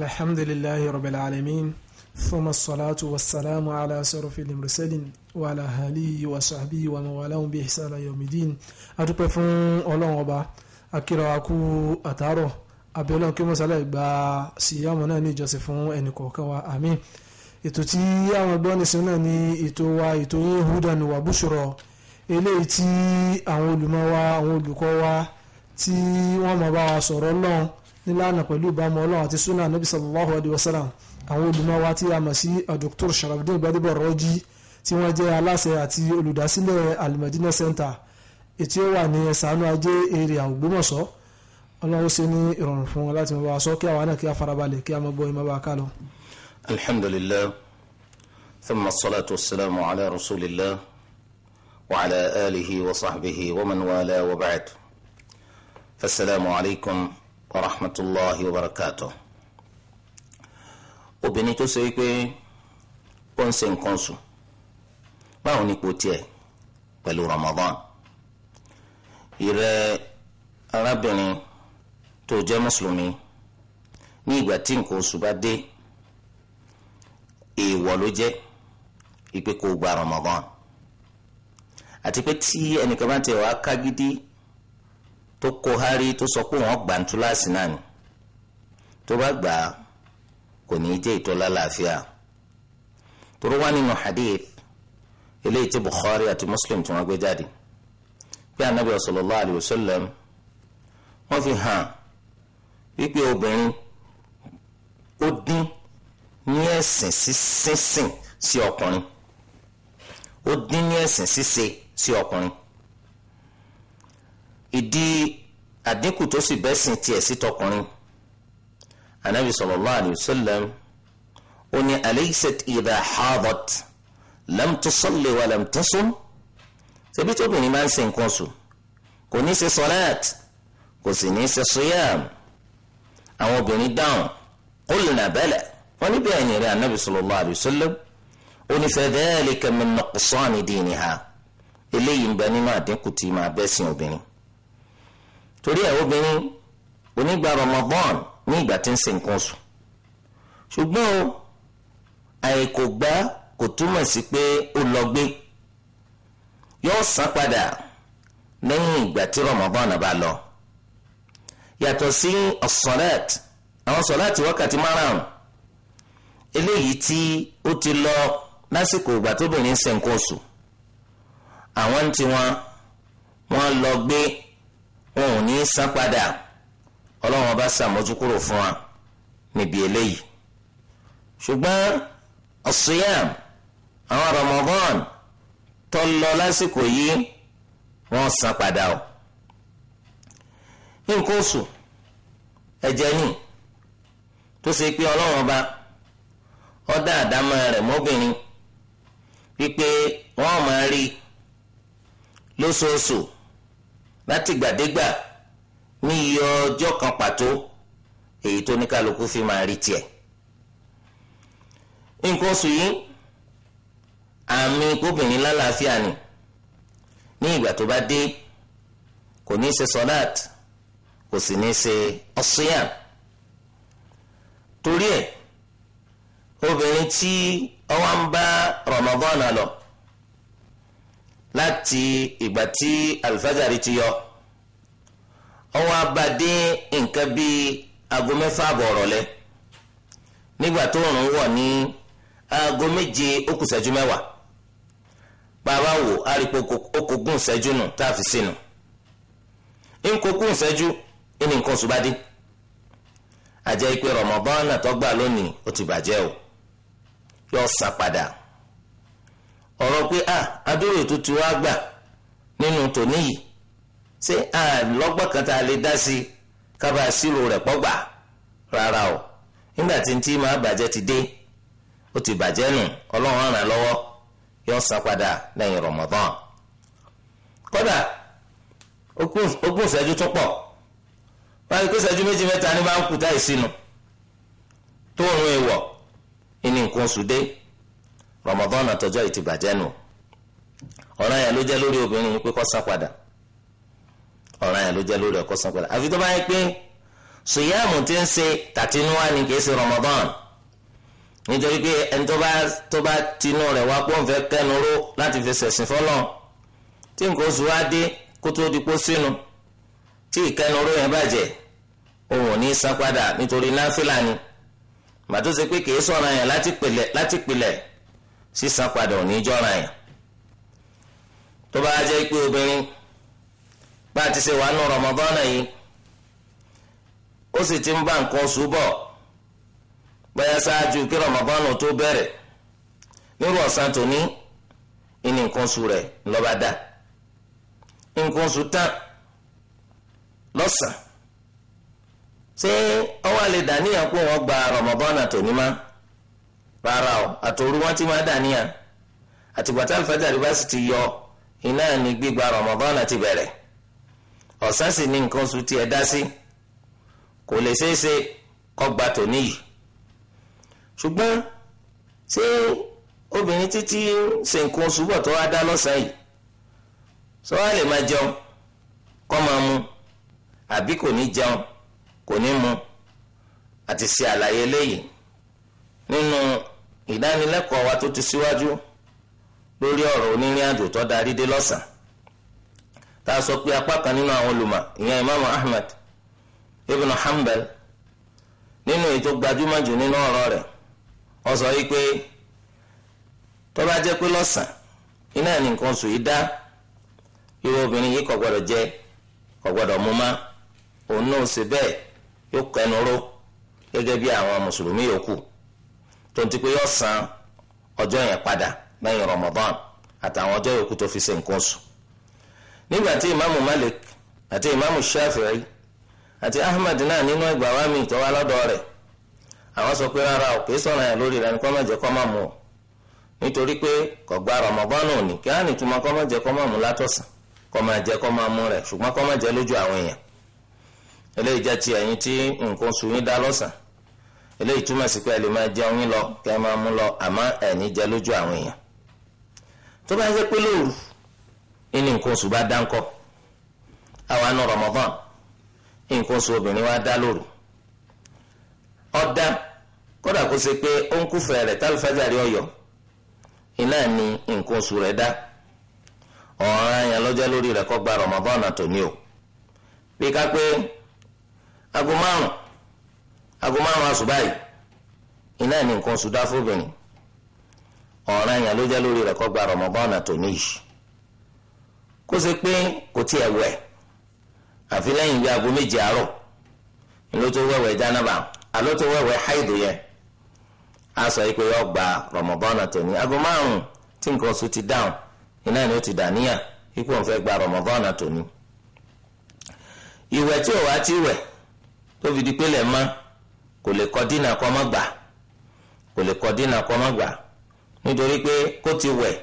الحمد لله رب العالمين ثم الصلاة والسلام على سرف المرسلين وعلى آله وصحبه ومن والاهم بإحسان يوم الدين أتوقع فون أولون أبا أكيرا أكو أتارو abẹ́lẹ̀ kí wọ́n sálẹ̀ gba síyàmù náà ní ìjọsìn fún ẹnìkọ̀ọ̀kan wa àmín ètò tí àwọn ẹgbẹ́ ọ̀nìsìn náà ní ètò wa ètò yín hudan wa bushra eléyìí tí àwọn olùmọ̀ wa àwọn olùkọ́ wa tí wọ́n máa bá wa sọ̀rọ̀ náà nílànà pẹ̀lú ìbámu ọlọ́run àti sunnah nabi sallallahu alayhi wa sallam àwọn olùmọ̀ wa tí a sí eh, dr sharafdin gbadebo rọ́jí tí wọ́n jẹ́ aláṣẹ àti olùdásílẹ̀ alimadina center ètí ó wà ní ẹ̀sánú ajé èrè Ògbómọ̀ṣọ́ ọlọ́run ṣe ní ìrọ̀rùn fún wọn láti mọ̀ bá sọ kí àwa náà kí a farabalẹ̀ kí a mọ̀ bọ́ ìmọ̀ bá ká lọ. alhamdulillah thumma salatu wassalamu ala rasulillah wa ala wa rahmatulahi wa barakatuh obìnrin tó ṣe pé ó ń ṣe nǹkan sùn báwo ni ipò tiẹ̀ pẹ̀lú Ramadan ìrẹ́ arábìnrin tó jẹ́ mùsùlùmí ní ìgbà tí nǹkan oṣù bá dé èèwọ̀ ló jẹ́ ìpè kó gba Ramadan àti pé tí ẹnìkan bá tẹ̀ wá ká tó kó hárí tó sọ pé wọ́n gbà ń túláàsì náà ni tó bá gbà á kò ní í jẹ́ ìtọ́lá làáfíà tóró wá nínú hadith eléyìí tí Bukhari àti Muslim tí wọ́n gbé jáde bí anabi sallallahu alayhi wa sallam wọ́n fi hàn wípé obìnrin ó dín ní ẹ̀sìn sísìn sí ọkùnrin ó dín ní ẹ̀sìn ṣíṣe sí ọkùnrin ìdí àdínkù tó sì bẹ́ sìn tiẹ̀ sí tọkùnrin anabi sallallahu alayhi wa sallam ó ní alaysat idha hadat lam tusalli wa lam tasum ṣebí tóbìnrin máa ń ṣe nǹkan sùn kò ní ṣe sọlẹ́t kò sì ní ṣe siyam àwọn obìnrin dáhùn qulna bala wọn ní bẹ́ẹ̀ ni rẹ̀ anabi sallallahu alayhi wa sallam ó ní fadhalika min nuqsani diniha eléyìí ń bẹ nínú àdínkù tí máa bẹ́ sìn obìnrin torí ẹ̀ obìnrin onígbà Ramadan ní ìgbà tí ń ṣe nǹkan oṣù ṣùgbọ́n o àìkò gbá kò túmọ̀ sí pé ó lọ gbé yóò san padà lẹ́yìn ìgbà tí Ramadan bá lọ yàtọ̀ sí ọ̀sọ̀lẹ́t àwọn sọ̀lẹ́t wákàtí márùn-ún eléyìí tí ó ti lọ lásìkò ìgbà tóbìnrin ń ṣe nǹkan oṣù àwọn tí wọn lọ gbé wọn ò ní í san padà ọlọ́run ọba ṣàmójú kúrò fún wa níbi eléyìí ṣùgbọ́n ọ̀sùnyàm àwọn Ramadan tó lọ lásìkò yìí wọ́n san padà o nǹkan oṣù ẹ̀jẹ̀ yìí tó ṣe pé ọlọ́run ọba ọ̀dà àdámọ́ rẹ̀ mọ́bìnrin wípé wọ́n máa rí lóṣooṣù látìgbàdégbà ní iye ọjọ́ kan pàtó èyí tó ní kálukú fi máa rí tiẹ̀. nǹkan oṣù yìí àmì kóbìnrin lálàáfíà ni ní ìgbà tó bá dé kò ní í ṣe sọdáàt kò sì ní í ṣe ọ̀ṣíyàn torí ẹ̀ obìnrin tí ọwọ́ ń bá Ramadan lọ. láti ìgbà tí alifajari ti yọ ọwọ́ abadé nǹkan bíi aago mẹ́fà bọ̀ ọ̀rọ̀lẹ́ nígbà tó rùn wọ̀ ní aago méje ó ṣẹ́jú mẹ́wàá bàbá wò á rí i pé okòógùn ṣẹ́jú nù tá a fi sínú nkókùn ṣẹ́jú ẹni nǹkan oṣù bá dé àjẹ́ ìpè Ramadan náà lónìí ó ti bàjẹ́ o yóò sá padà ọ̀rọ̀ pé a ah, adúrò ètùtù wa gbà nínú tòní yìí ṣé a lọ́gbọ́n kan tá a lè dá sí kábàá sílò rẹ̀ pọ́gbà rárá o nígbà tí máa bàjẹ́ ti dé ó ti bàjẹ́ nù ọlọ́run ràn lọ́wọ́ san padà lẹ́yìn Ramadan kódà ìṣẹ́jú tó pọ̀ báyìí ìṣẹ́jú méjì mẹ́ta ní bá Ramadan àtọjọ́ yìí nù ọ̀ràn yẹn ló jẹ́ lórí obìnrin pé kó san padà ló jẹ́ lórí ọkọ san padà àfi tó bá yẹ pé sùyàmù ti ń ni kì í Ramadan nítorí pé ẹni tó bá tó bá tinú rẹ̀ wá pọ́n fẹ́ ró láti fi fọ́lọ́ tí nǹkan oṣù wa dé kó tó di pọ́ sínú tí ró yẹn bàjẹ́ òun ò ní san padà nítorí sísan padà ò ní jọ́ra yẹn tó bá jẹ́ pé obìnrin bá a ti ṣe wà nù yìí ó ti ń bá nǹkan oṣù bọ̀ bóyá ṣáájú kí rọmọdọ́nà tó bẹ̀rẹ̀ nírú ọ̀sán tòní ìní nǹkan oṣù rẹ̀ lọ́ba dá nǹkan oṣù tán lọ́sàn ṣé ọwọ́ àlè dàníyàn pé wọ́n rárá o àtòru wọn ti máa dàníyàn àtìgbà tá alifájàrí bá sì ti yọ iná ní gbígba Ramadan àti bẹ̀rẹ̀ ọ̀sán sì ní nǹkan oṣù tiẹ̀ dá sí kò lè ṣeé ṣe kó gba tòní yìí ṣùgbọ́n ṣé obìnrin títí ṣe nǹkan oṣù bọ̀ tó wá dá lọ́sàn-án yìí sọ lè máa jẹun kó máa mu àbí kò ní jẹun kò ní mu àti ṣe àlàyé léyìí nínú ìdánilẹ́kọ̀ọ́ wa tó ti síwájú lórí ọ̀rọ̀ onírìn àjò tó darí dé lọ́sàn tá sọ pé apá kan nínú àwọn olùmọ̀ ìyẹn ahmed ibn hanbal nínú ètò gbajúmọ̀ jù nínú ọ̀rọ̀ rẹ̀ ó sọ yìí tó bá jẹ́ pé lọ́sàn iná ní nǹkan yìí dá irú obìnrin yìí kò jẹ kò má òun tó ń ti pé yọ san ọjọ́ yẹn padà lẹ́yìn Ramadan àtàwọn ọjọ́ yòókù tó fi se nǹkan nígbà tí Malik àti imaamu Shafi'i àti Ahmad náà nínú ẹgbà wa mi ìtọ́wá lọ́dọ̀ rẹ̀ àwọn sọ pé rárá ò pé sọ̀rọ̀ yẹn lórí rẹ̀ ní o nítorí pé Ramadan kí á látọ̀sán rẹ̀ ṣùgbọ́n lójú eléyìí túmọ̀ sí pé ẹ lè máa jẹun yín lọ kẹ́ ẹ máa mú lọ àmọ́ ẹ̀ní jẹ lójú àwọn èèyàn tó bá jẹ́ pé ní nǹkan oṣù bá dáńkọ́ àwa nǹkan oṣù obìnrin wa dá lóru ọ̀dá kódà kó ṣe pé ó ń kúfẹ̀ẹ́ rẹ̀ ọ̀yọ́ iná ni nǹkan oṣù rẹ̀ dá ọ̀ràn yẹn lọ́jọ́ lórí rẹ̀ kó gba àtòní o bí ká pé aago aago márùn àṣùbá yìí iná ní nǹkan oṣù dá ọ̀ràn ló jẹ́ lórí rẹ̀ gba rọmọbọ́ọ̀nà kó ṣe pé kò wẹ̀ àfi lẹ́yìn bí aago méje àárọ̀ ló tó wẹ̀wẹ̀ jánábà àló tó wẹ̀wẹ̀ háìdù yẹn a sọ yìí pé yọ gba rọmọbọ́ọ̀nà tó níyì márùn tí nǹkan oṣù ti dáhùn iná ni ó ti dà ipò òun fẹ́ gba kò lè kọ dínà kọ́ gbà kò lè kọ dínà gbà nítorí pé kó ti wẹ̀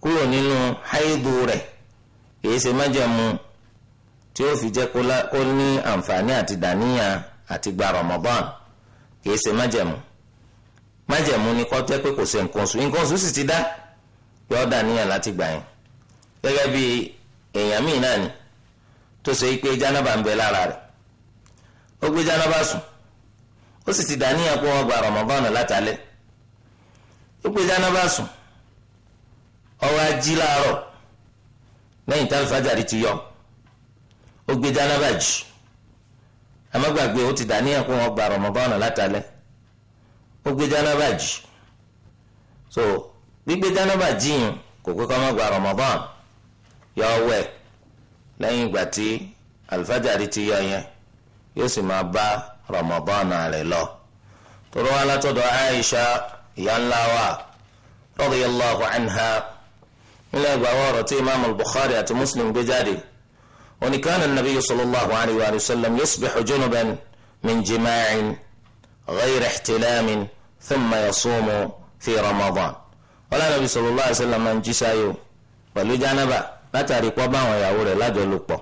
kúrò nínú háìdù rẹ̀ kìí ṣe májẹ̀mú tí ó fi jẹ́ kó ní àǹfààní àti dàníyà àti gba Ramadan kìí ṣe májẹ̀mú májẹ̀mú ni kọ́ pé kò ṣe nǹkan nǹkan sì láti gbà yẹn gẹ́gẹ́ bí èèyàn míì náà ni tó ṣe pé gbé sùn ó sì ti dàníyàn pé wọ́n gba Ramadan látàlẹ́ ó pé jánábà sùn ọwọ́ ají láàárọ̀ lẹ́yìn tá alifájàrí ti yọ ó gbé o jù amágbàgbé ó ti Ramadan ó gbé jù so gbígbé jánábà jiyàn kò pé kọ́ gba Ramadan yọ wẹ̀ ìgbà tí ti yọ yẹn yóò sì máa bá. ramadan rẹ̀ lọ. tóró wa látọ̀dọ̀ aisha ìyá ńlá wa radiyallahu anha nílẹ̀ ìgbàwọ̀ ọ̀rọ̀ tí imaamu bukhari àti muslim gbé jáde oníkanà nabiyyu sallallahu alayhi wa sallam yusbihu junuban min jimaacin ghayri ixtilaamin thumma yasuumu fi ramadan wọ́n lánàá bí sallallahu alayhi wa sallam máa ń jí sáyò pẹ̀lú jánaba látàrí pọ́ bá àwọn ìyàwó rẹ̀ lájọlòpọ̀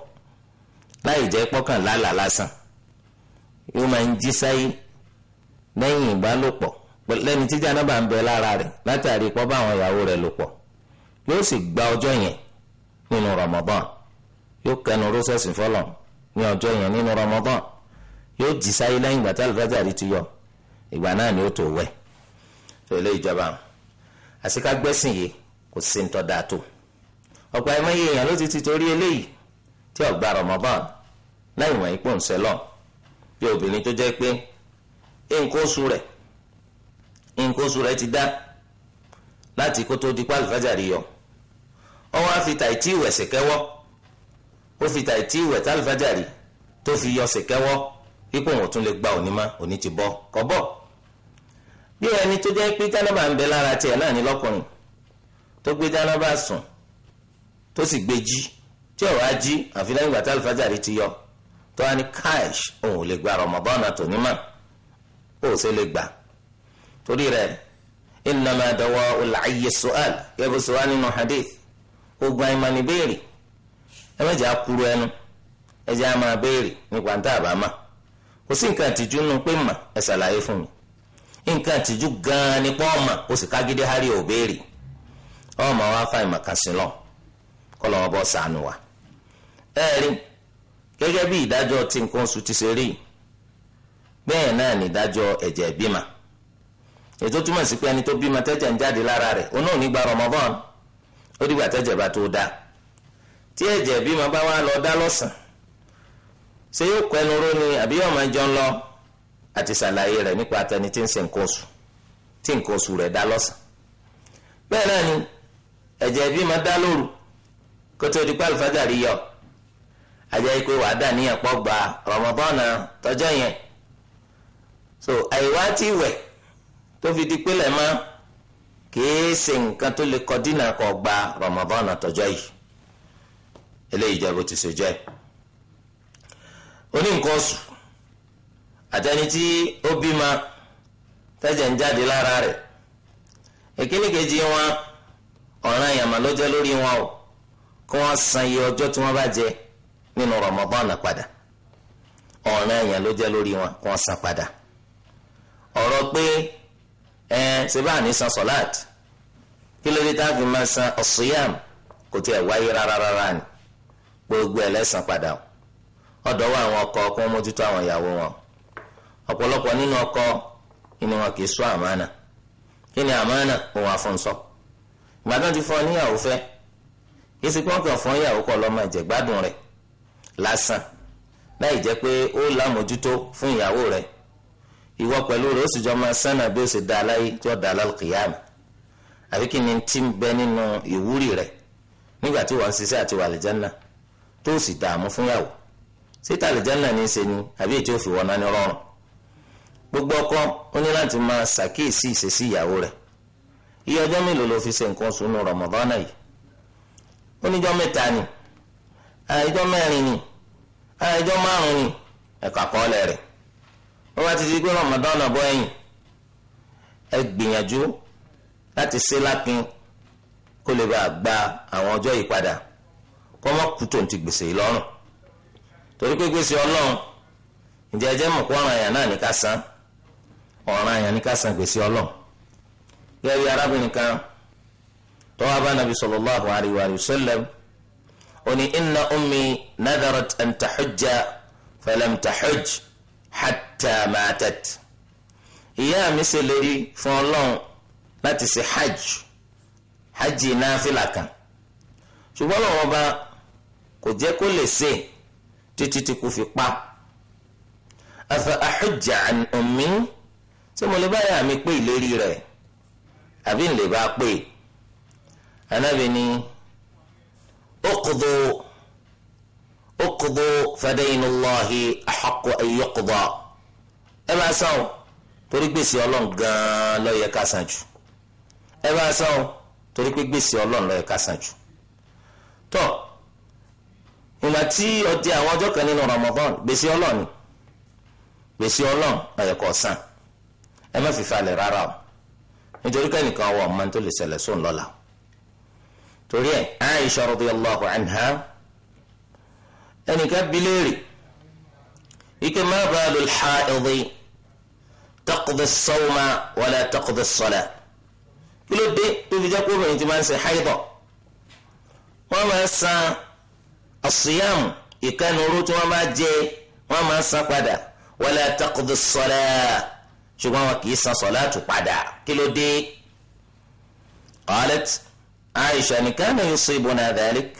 láì jẹ́ pọ́kàn lálàá lásán. La yóò máa ń jí sáyé lẹ́yìn ìbálòpọ̀ lẹ́ni tí jánábà ń bẹ lára rẹ̀ látàrí ipọ́ bá àwọn ìyàwó rẹ̀ lò pọ̀ yóò sì gba ọjọ́ yẹn nínú Ramadan yóò kẹnu rọ́sẹ̀sì fọlọ̀ ní ọjọ́ yẹn nínú Ramadan yóò jí sáyé lẹ́yìn ìgbà tí ni ó tó wẹ̀ tó ilé ìjọba àsìkágbẹ́sìn yìí kò sí ń tọ́ tó ọ̀pọ̀ ẹ̀mọ́ yìí èèyàn ló ti ti torí eléyìí tí wọ̀nyí pò ń bí obìnrin tó jẹ́ pé nǹkan oṣù rẹ̀ nǹkan oṣù ti dá láti kó tó di yọ ó fi tàìtì ìwẹ̀ ṣèkẹ́wọ́ ó fi tàìtì ìwẹ̀ tàlùfájàrí tó fi yọ ṣèkẹ́wọ́ pípò wọn tún lè gba òní mọ́ òní ti bọ́ kọ́ bọ́ bí ẹni tó jẹ́ pé jánábà ń bẹ lára tiẹ̀ náà ní lọ́kùnrin tó gbé jánábà sùn tó sì gbé jí tí ọ̀rọ̀ á jí àfi lẹ́yìn ti yọ. tó wá ní káàṣ òun ò lè gba Ramadan tòní mọ́ ó sì lè gbà torí rẹ̀ innama dawa'ul ayyi su'al yẹ́bù sọ nínú hadith ogun àìmọ̀ ní béèrè ẹ ẹnu ẹ àmà béèrè nípa kò sí nǹkan àtijú nù pé mà ẹ ṣàlàyé fún mi nǹkan àtijú gan-an ni pọ́ ó sì kágídé hárí ò béèrè ọmọ wa fa ìmọ̀kànsìn lọ kọ́ lọ́wọ́ bọ́ sànù wa gẹ́gẹ́ bí ìdájọ́ tí nǹkan oṣù ti ṣe rí bẹ́ẹ̀ náà ni ìdájọ́ ẹ̀jẹ̀ bímọ ètò túmọ̀ sí pé ẹni tó bímọ tẹ́jẹ̀ ń jáde lára rẹ̀ òun náà ní gba Ramadan ó dìgbà tẹ́jẹ̀ bá tó dá tí ẹ̀jẹ̀ bímọ bá wá lọ dá lọ́sàn ṣé yóò kọ ẹnu ró ni àbí yóò máa jọ ń lọ àti ṣàlàyé rẹ̀ nípa tẹni tí ń ṣe nǹkan oṣù tí nǹkan oṣù rẹ̀ dá lọ́sàn bẹ́ẹ̀ náà ni ẹ̀jẹ̀ bímọ dá lóru kótó dípẹ́ àlùfáàjà rí yọ ajá yìí pé wàá dà níyàn pọ̀ gba rọmọbọ́ọ̀nà tọjọ́ yẹn so àìwá tí wẹ̀ tó fi di pélé mọ́ kìí se nǹkan tó lè kọ dínà gba rọmọbọ́ọ̀nà tọjọ́ yìí eléyìí jẹ́ bó ti ṣe jẹ́ oní àtẹni tí ó bímọ tẹ́jẹ̀ ń jáde lára rẹ̀ nínú Ramadan padà ọ̀rọ̀ èèyàn ló jẹ́ lórí wọn wọ́n san padà ọ̀rọ̀ pé ẹ ṣe bá ní san sọ̀láàt kí ló dé tá san ọ̀ṣùyàm kò tiẹ̀ wáyé rárá rárá ni gbogbo ẹ̀ san padà ọ̀dọ̀ wà àwọn ọkọ kó mójútó àwọn ìyàwó wọn ọ̀pọ̀lọpọ̀ nínú ọkọ wọn kì í sọ kí ni òun àfọ̀nsọ ti fọ níyàwó fẹ́ kí sì lásán láì jẹ́ pé ó lámójútó fún ìyàwó rẹ̀ ìwọ pẹ̀lú rẹ̀ ó sì jọ máa sánà bí ó sì dá aláyé tí ó dá alálùkìyàmù àbí kí ni tí ń bẹ nínú ìwúrí rẹ̀ nígbà tí wọ́n ati ṣiṣẹ́ àti wàlìjánà tó sì dààmú fúnyàwó síta àlìjánà ní í ṣe ni àbí ètò òfin wọn náà ní rọrùn gbogbo ọkọ ó ní láti máa ṣàkíyèsí ìṣesí ìyàwó rẹ̀ iye ọjọ́ mélòó ló fi ṣe nǹkan oṣù nù yìí ó àìjọ mẹ́rin ni àìjọ márùn ni ẹ̀ka kọ́ọ̀lẹ̀ rẹ̀ wọ́n bá ti di pé ẹ̀yìn ẹ láti ṣe lápin kó lè gba àwọn ọjọ́ yìí padà kọ́ mọ́ kú tó ń ti gbèsè lọ́rùn torí pé gbèsè ọlọ́run ǹjẹ́ ẹjẹ́ mọ̀ kó ọ̀ràn àyàn náà ní ká san ọ̀ràn àyàn ní ká san gbèsè ọlọ́run oni inna ummi nadarat an tahujja falam tahuj hatta matat ìyá mi ṣe lérí fún ọlọ́run láti ṣe hajj hajj náfìlà kan ṣùgbọ́n lọ́wọ́ bá kò jẹ́ kó lè ṣe títí tí kò fi pa afa ahujja an ummi tí mo lè bá ìyá mi pé ìlérí rẹ̀ àbí ń lè bá pé anábìíní. اقضوا اقضوا فدين الله احق ان يقضى ẹ سو san o torí gbèsè ọlọ́run gan سو ló yẹ ká san jù ẹ máa san o torí pé gbèsè ọlọ́run ló yẹ ká san jù tó ìgbà tí ọdẹ àwọn ọjọ́ kan nínú Ramadan gbèsè ọlọ́run gbèsè ọlọ́run ló yẹ ẹ má fi falẹ̀ rárá o nítorí kẹ́nìkan wọ ọmọ tó lè ṣẹlẹ̀ sóun lọ́la o torí ẹ̀ Aisha radiyallahu anha ẹnìkan bi léèrè ike ma balul haidi taqdi as-sawma wala taqdi as-salat kí ló dé tó fi jẹ́ kó obìnrin ti máa ń ṣe haidọ̀ wọ́n máa ń san as-siyam ìkànnì tí wọ́n bá jẹ wọ́n máa san padà wala taqdi as-salat wọn kì í san sọ̀lá tù padà kí ló aisha nìkan ní yusibuna dhalik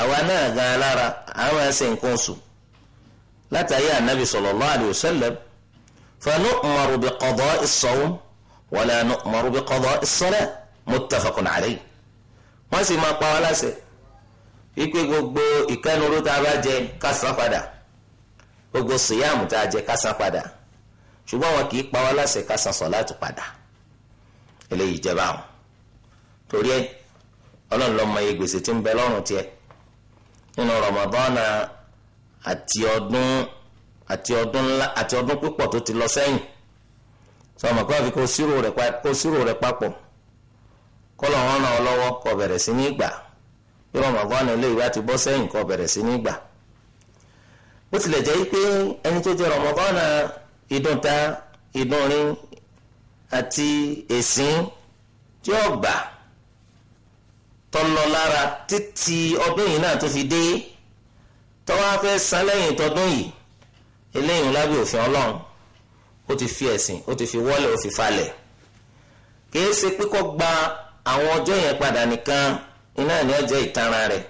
àwa náà gan alára àwọn ẹsẹ̀ nǹkan sùn látàrí ànábì sallallahu alayhi wa sallam fanu'maru bi qada'i as-sawm wala nu'maru bi qada'i as-salat muttafaqun alayhi wọ́n sì máa pa wá láṣẹ wípé gbogbo ìkẹnuró tá a bá jẹ ká san padà gbogbo síyàmù tá a jẹ ṣùgbọ́n wọn kì í pa wá láṣẹ ká san sọ̀láàtù padà eléyìí jẹ́ báwọn torí ẹ̀ ọlọ́run lọ́mọ iye gbèsè tí ń bẹ lọ́rùn tiẹ̀ nínú Ramadan àti ọdún àti ọdún ńlá àti ọdún pípọ̀ tó ti lọ sẹ́yìn sọ ma kó àfi kó sírò kó sírò papọ̀ kó lọ́ wọn lọ́wọ́ bẹ̀rẹ̀ sí ní bí Ramadan eléyìí bá ti bọ́ sẹ́yìn bẹ̀rẹ̀ sí ní bó tilẹ̀ jẹ́ pé ẹni ta tọ́lọ lára títí ọdún yìí náà tó fi dé tọ́wọ́ á fẹ́ san lẹ́yìn tọdún yìí eléyìí lábẹ́ òfin ọlọ́run ó ti fi ẹ̀sìn ó ti fi wọ́lẹ̀ ó fi falẹ̀ kìí ṣe pípọ́ gba àwọn ọjọ́ yẹn padà nìkan iná ni ọjọ́ ìtara rẹ̀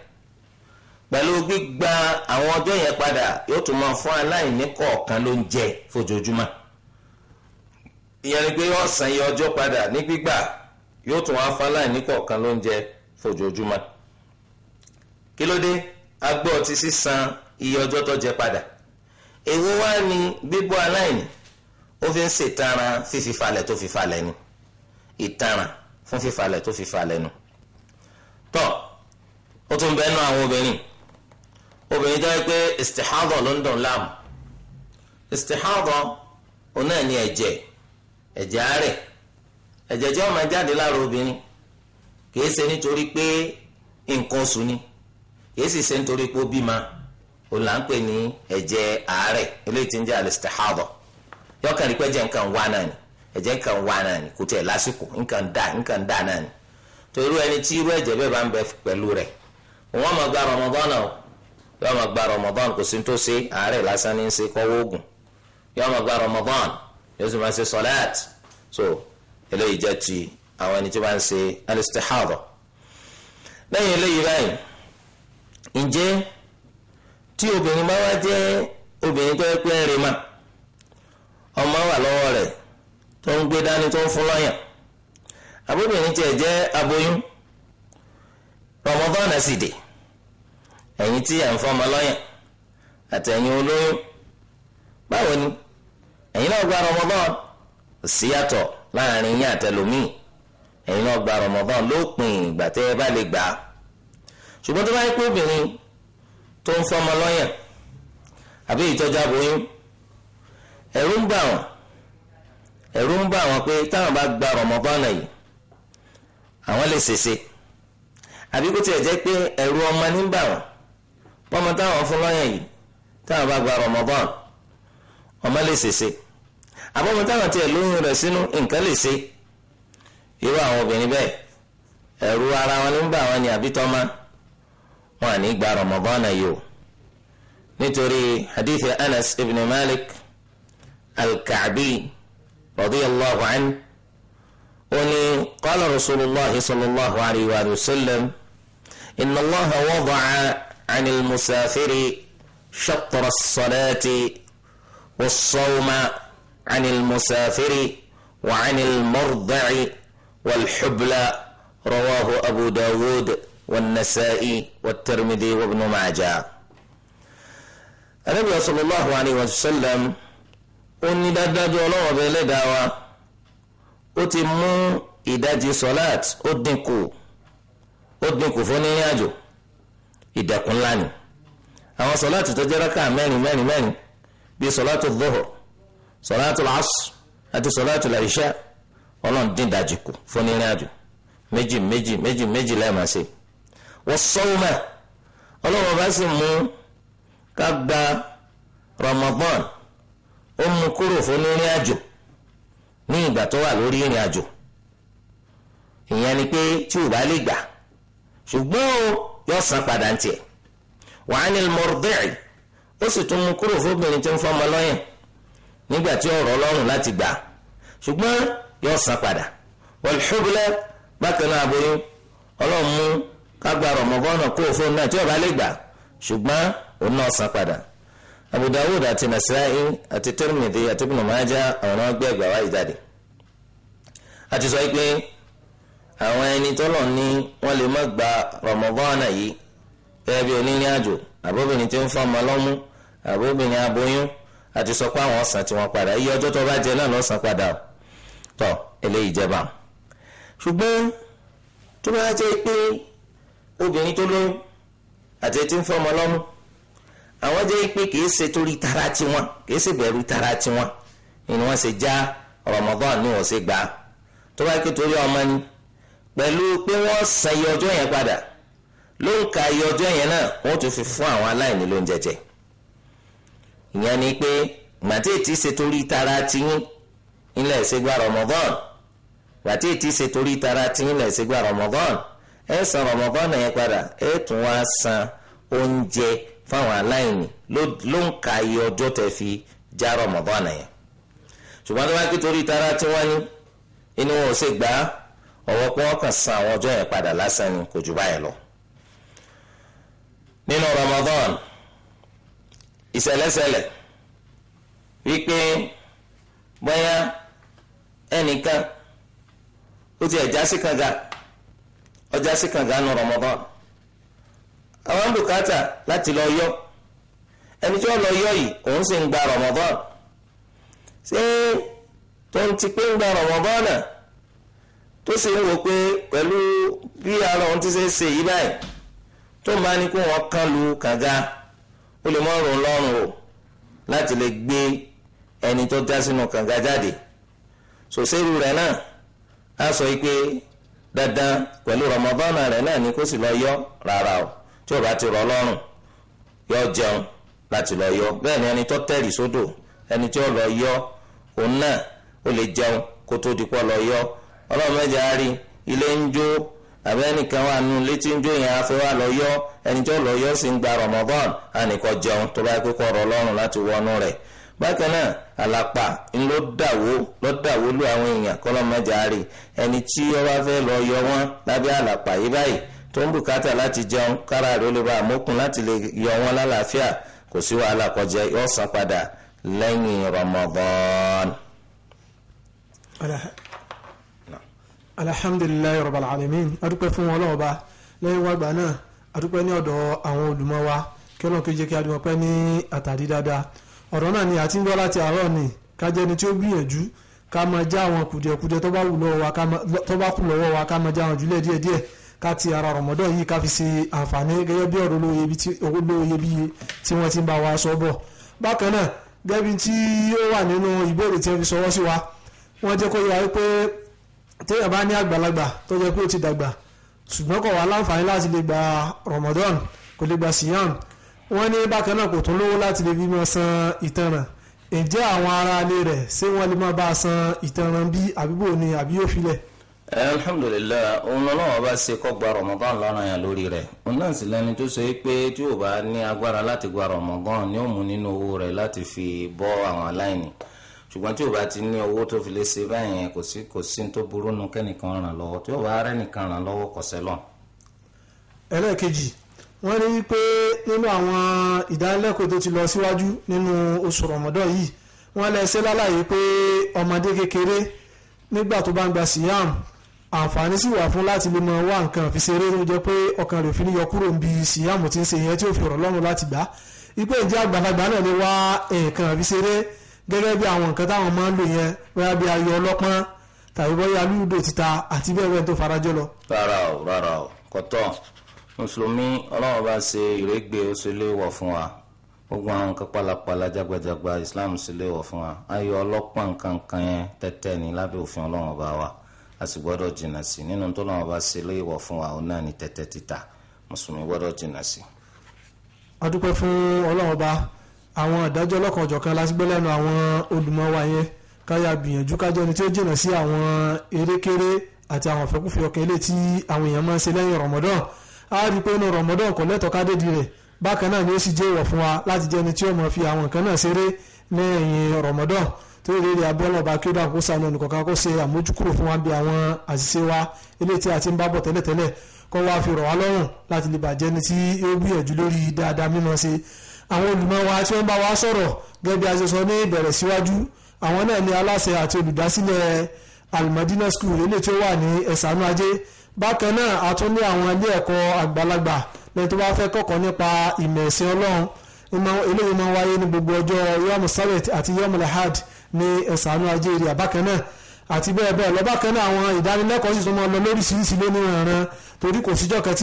pẹ̀lú gbígba àwọn ọjọ́ yẹn padà yóò tún máa fún aláìní kọ̀ọ̀kan ló ń jẹ fojoojúmọ́ ìyẹn ni pé yóò san iye ọjọ́ padà ní gbígbà yóò tún wá fún aláìní kọ̀ọ̀kan ló ń jẹ fojoojúmọ́ kí ló dé agbọ́ ti sísan iye ọjọ́ tó jẹ padà èwo wá ní bíbọ́ aláìní ó fi ń ṣètanràn fífifalẹ̀ tó fifalẹ̀ ni ìtanràn fún fífalẹ̀ tó fifalẹ̀ nu tọ́ ó tún bẹ́ẹ̀ nú àwọn obìnrin obìnrin tó yẹ pé istihadọ̀ ló ń dùn láàmú istihadọ̀ òun náà ní ẹ̀jẹ̀ ẹ̀jẹ̀ àárẹ̀ ẹ̀jẹ̀ jẹ́ ọmọ jáde lára obìnrin kìí ṣe nítorí pé nǹkan oṣù ni kìí sì ṣe nítorí pé ó bímọ òun là ń pè ní ẹ̀jẹ̀ àárẹ̀ eléyìí tí ń jẹ́ yọkàn rí pé ẹ̀jẹ̀ nǹkan ni ẹ̀jẹ̀ nǹkan náà ni kò tẹ̀ ni torí ẹni tí irú ẹ̀jẹ̀ bẹ́ẹ̀ bá ń bẹ pẹ̀lú rẹ̀ òun ọmọ gba Ramadan yọ ọmọ gba Ramadan kò sí tó ṣe àárẹ̀ lásán ní ṣe kọ́wọ́ àwọn ẹni tí wọ́n ń ṣe alistihada lẹ́yìn eléyìí báyìí ǹjẹ́ tí obìnrin bá wá jẹ́ obìnrin tó pẹ́ rè mà ọmọ wà lọ́wọ́ rẹ̀ tó ń gbé dání tó ń fún lọ́yàn abóbìnrin tiẹ̀ aboyún sì tí ń olóyún báwo ni náà gba sí yàtọ̀ láàrin yín àtẹlómìn ẹ̀yin náà gba Ramadan lópin ìgbà tẹ́ ẹ bá lè gbà á ṣùgbọ́n tó bá yẹ pé obìnrin tó ń fọmọ lọ́yàn àbí ìtọ́jú aboyún ẹ̀rù ń bà wọ́n ẹ̀rù ń bà wọ́n pé táwọn bá gba Ramadan yìí àwọn lè ṣèṣe àbí kó tiẹ̀ jẹ́ pé ẹ̀rù ọmọ ní ń bà wọ́n pọ́nmọ táwọn fún lọ́yàn yìí táwọn bá gba Ramadan ọmọ lè ṣèṣe àbọ̀mọ táwọn tiẹ̀ lóyún rẹ̀ sínú nǹkan lè ṣe irú àwọn obìnrin bẹ́ẹ̀ ẹ̀rù ara wọn ní ń bà wọn ni àbí tọ́mọ wọn à ní gba Ramadan yìí o nítorí hadith Anas ibn Malik al-Ka'bi radiyallahu anhu ó ní rasulillah sallallahu alayhi wa sallam inna allah wada'a عن المسافر شطر الصلاة والصوم عن المسافر وعن المرضع والحبل رواه أبو داود والنسائي والترمذي وابن ماجه النبي صلى الله عليه وسلم أني داداد الله بلداوة أتموا إداج صلاة أدنكو أدنكو فني ياجو إداكن لاني أما صلاة tó jẹ́ rákà mẹ́rin بصلاة الظهر صلاة العصر dhuhr صلاة العشاء ọlọ́run dín ìdajì kù fún onírìn àjò méjì méjì méjì méjì lẹ́ẹ̀máa ṣe wọ́n sọ́wọ́mọ̀ ọlọ́run ọba sì mú ká gba Ramadan ó mú kúrò fún onírìn àjò ní ìgbà tó wà lórí ìrìn àjò ìyẹn ni pé tí ò bá lè gbà ṣùgbọ́n o yóò san padà ń tiẹ̀ wàá ní ó sì tún mú kúrò fún obìnrin tó ń fọmọ lọ́yàn nígbà tí ọ̀rọ̀ ọlọ́run láti gbà ṣùgbọ́n yóò san padà wọ́n ṣubúlẹ̀ bákan náà aboyún ọlọ́run mú kágbá rọ̀mọ́gọ́nà kó òfin náà tí ọba lè gbà ṣùgbọ́n òun náà padà Abu àti Nasa'i àti Tirmidhi àti Ibn àwọn náà gbé ẹgbàá wáyé jáde àti sọ pé àwọn ẹni tọ́lọ̀ ní wọ́n lè má gba yìí gẹ́gẹ́ bí àjò àbóbìnrin tí ń lọ́mú àbóbìnrin aboyún àti sọ pé àwọn ọ̀sán tọ eléyìí jẹba ṣùgbọ́n tó bá jẹ́ pé obìnrin tó lóyún àti tí ń fọmọ lọ́mú àwọn jẹ́ pé kìí ṣe torí tara tiwọn kìí ṣe bẹ̀rù tara tiwọn ni wọ́n ṣe já Ramadan ni wọ́n ṣe gbà á tó bá ké torí ọmọ ni pẹ̀lú pé wọ́n san iye ọjọ́ yẹn padà ló ń ka iye ọjọ́ yẹn náà wọ́n tún fi fún àwọn aláìní lóúnjẹ jẹ ìyẹn ni pé màtí ètí ṣe torí tara tiyín ńlẹ̀ ṣègbà Ramadan gbàtí ètí ṣe torí tara tí ńlẹ̀ ṣègbà Ramadan ẹ san Ramadan yẹn padà ẹ tún wá san oúnjẹ fáwọn aláìní ló ń ka iye ọjọ́ tẹ fi já Ramadan yẹn ṣùgbọ́n tó bá kí torí tara tí wọ́n ní inú wọn ò ṣe gbà á ọ̀wọ́ pé wọ́n kàn san àwọn ọjọ́ yẹn padà lásán ni kò jù báyìí lọ. nínú Ramadan ìṣẹ̀lẹ̀ṣẹlẹ̀ wípé bóyá. ẹnìkan ó ti ẹ̀já kanga kànga ọjà nù Ramadan àwọn bùkátà láti lọ yọ ẹni tí lọ yọ yìí òun sì ń gba Ramadan ṣé tó ń ti pé ń gba Ramadan náà tó sì ń wò pé pẹ̀lú bí ara òun ti ṣe ṣe yìí báyìí tó máa ní kó wọn kán lu ó lè sòsèrú rẹ náà á sọ pé dandan pẹ̀lú rọmọbọ́nà rẹ̀ náà ni kó sì lọ yọ rárá o tí o bá ti rọ lọ́rùn yọ jẹun láti lọ yọ bẹ́ẹ̀ ni ẹni tó tẹ̀rì sódò ẹni tí ó lọ yọ òun náà ó lè jẹun kó tó di pọ́ lọ yọ ọlọ́run mẹ́jọ á rí ilé ń jó àbẹ́ ẹnìkan wà nù létí ń jó yẹn afẹ́ wà lọ yọ ẹni tó lọ yọ sí ń gba rọmọbọ́n ànìkọ́ jẹun tó bá pẹ́ kọ́ ọ̀rọ̀ ọlọ́run láti wọnú rẹ̀ bákan náà alapa ńlọ dàwó lọ dàwó lu àwọn èèyàn kọ́ lọ́mọdé àárẹ̀ ẹni tí ó bá fẹ́ lọ yọ wọ́n lábẹ́ àlàpà yìí báyìí tó ń bùkátà láti jẹun kára rẹ̀ ó lè bá àmókùn láti lè yọ wọ́n lálàáfíà kò sí wàhálà kọjá yóò san padà lẹ́yìn Ramadan. alhamdulilayi rabal alamin adúpẹ́ fún wọn lọ́wọ́ bá lẹ́yìn wàgbà náà adúpẹ́ ní ọ̀dọ̀ àwọn olùmọ̀ wa kí ọlọ́run kí ó jẹ́ kí adúpẹ́ ní àtàdí dáadáa ọ̀rọ̀ náà ni àti ń gbọ́ láti àárọ̀ ni ká jẹ́ ẹni tí ó gbìyànjú ká máa já àwọn kùdìẹ̀kudiẹ tó bá kù lọ́wọ́ wa ká máa já àwọn jùlẹ̀ díẹ̀díẹ̀ ká ti ara rọ̀mọ́dọ̀ yìí ká fi ṣe àǹfààní gẹ́gẹ́ bí ọ̀rọ̀ olóye bí tí wọ́n ti ń bá wa sọ bọ̀ bákan náà gẹ́bí tí ó wà nínú ìbéèrè tí wọ́n fi sọwọ́ sí wa wọ́n jẹ́ kó yẹ wáyé pé téèyàn bá ní àgbàlagbà tó jẹ́ pé ó ti dàgbà ṣùgbọ́n kò wá láǹfààní láti lè gba rọ̀mọ́dọ̀n kò lè gba síyàn wọ́n ní bákan náà kò tún lówó láti lè fi máa san ìtanràn ǹjẹ́ àwọn aráalé rẹ̀ ṣé wọ́n lè máa bá a san ìtanràn bí àbíbò ni àbí yóò filẹ̀. alhamdulilayi ohun ọlọ́wọ́ bá ṣe kọ́ gba rọmọgán lọ́nà yẹn lórí rẹ̀ òun náà sì lẹ́ni tó sọ pé tí ò bá ní agbára láti gba rọmọgán ni ó mú nínú owó rẹ̀ láti fi bọ́ àwọn aláìní ṣùgbọ́n tí o bá ti ní owó tó fi lè ṣe báyẹn kò sí wọ́n rí pé nínú àwọn ìdánilẹ́kọ̀ọ́ tó ti lọ síwájú nínú oṣù rọ̀mọ́dọ̀ yìí wọ́n lè ṣe lálàyé pé ọmọdé kékeré nígbà tó bá ń gba siam àǹfààní sì wà fún láti lè mọ wá nǹkan fi ṣeré tó jẹ́ pé ọkàn rẹ̀ ò fi ní yọ kúrò níbi siam tí ń ṣe yẹn tí ò fi ọ̀rọ̀ lọ́rùn láti gbà ipe ìjẹ́ àgbàlagbà náà lè wá nǹkan fi ṣeré gẹ́gẹ́ bí àwọn nǹkan táwọn máa ń lò yẹn bóyá bí ayò ọlọ́pọ́n tàbí bóyá lúdò títa àti bẹ́ẹ̀ bẹ́ẹ̀ tó farajọ lọ. rárá o rárá o kò mùsùlùmí ọlọ́wọ́ bá ṣe ìrégbè ó ṣe léèwọ̀ fún wa gbogbo àwọn nǹkan pálapàla jágbajàgba islam ṣe léèwọ̀ fún wa ayọ̀ ọlọ́pàá nǹkan kan yẹn tẹ́tẹ́ ní lábẹ́ òfin ọlọ́wọ́ bá wa a sì gbọ́dọ̀ jìnnà sí nínú tó lọ́wọ́ bá ṣe léèwọ̀ fún wa òun náà ní tẹ́tẹ́ títa mùsùlùmí gbọ́dọ̀ jìnnà sí. a dúpẹ́ fún ọlọ́wọ́ bá àwọn ìdájọ́ ọlọ́kanòjọ̀kan lásìgbọ́ ni tí ó jìnnà sí àwọn erékeré àti àwọn ìfẹ́kùfẹ́ ọkàn A rí i pé inú rọmọdán kò lẹ́tọ̀ọ́ kádédi rẹ̀ bákan náà ni ó sì jẹ́ ìwọ̀ fún wa láti jẹ́ ẹni tí ó mọ̀ fi àwọn nǹkan náà ṣeré ní ẹ̀yìn rọmọdán tó lè rí abọ́lá ọba kí ó dà kó sànù ẹnìkọ̀ọ̀kan kó ṣe àmójúkúrò fún wa bí àwọn àṣìṣe wa eléyìí tí a ti ń bá bọ̀ tẹ́lẹ̀tẹ́lẹ̀ kó wá fi rọ̀ wá lọ́rùn láti lè bàjẹ́ ni tí ó gbìyànjú lórí dáadáa mímọ́ ṣe àwọn olùmọ̀ wa tí wọ́n bá wa sọ̀rọ̀ gẹ́gẹ́ bí a ṣe sọ ní ìbẹ̀rẹ̀ síwájú àwọn náà ni aláṣẹ àti olùdásílẹ̀ Al-Madina School eléyìí tí ó wà ní ẹ̀sánú ajé bákan náà a tún ní àwọn ilé ẹ̀kọ́ àgbàlagbà lẹ́yìn tó bá fẹ́ kọ́kọ́ nípa ìmọ̀ ẹ̀sìn ọlọ́run eléyìí máa ń wáyé ní gbogbo ọjọ́ yom sabet àti yom lahad ní ẹ̀sánú ajé eré àbákan náà àti bẹ́ẹ̀ bẹ́ẹ̀ lọ bákan náà àwọn ìdánilẹ́kọ̀ọ́ sì tún máa lọ lóríṣiríṣi torí kò síjọ́ kan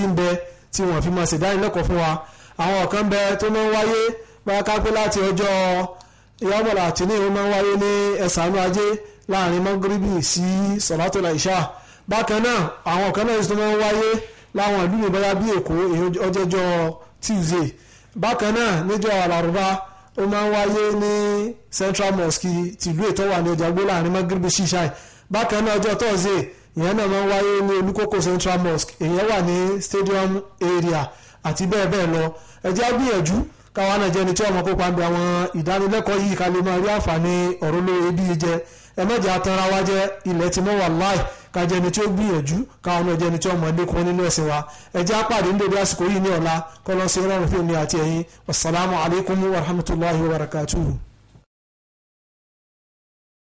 fi máa fún wa àwọn kan bẹ tó máa ń wáyé pé láti ọjọ́ máa ń wáyé ní ẹ̀sánú ajé láàrin bákan náà àwọn kan náà tó máa ń wáyé láwọn ìlú ìbára bíi èkó ọjọ́jọ́ tuesday bákan náà níjọ́ àlàrúbá ó máa ń wáyé ní central mosque tìlú ètò wà ní ọjà gbó láàrin magrebi shishai bákan náà ọjọ́ thursday ìyẹn náà máa ń wáyé ní olúkókò central mosque ìyẹn wà ní stadium area àti bẹ́ẹ̀ bẹ́ẹ̀ lọ ẹ jẹ́ á gbìyànjú káwa náà jẹ́ni tí ọmọ kópa ń bẹ àwọn ìdánilẹ́kọ̀ọ́ yìí ká lè máa rí àǹfààní ọ̀rọ̀ lórí ebi jẹ ẹ mẹ́jẹ̀ atanra wa ilẹ̀ tí mo wà láì ká jẹ́ ẹni tí ó gbìyànjú káwọn náà jẹ́ ẹni tí ó mọ̀ lékun nínú ẹ̀sìn wa ẹ jẹ́ á pàdé ní àsìkò yìí ní ọ̀la kọ́lọ́sí ọlọ́run fún mi àti ẹ̀yin wasalaamu wa rahmatulahi wa barakatuhu.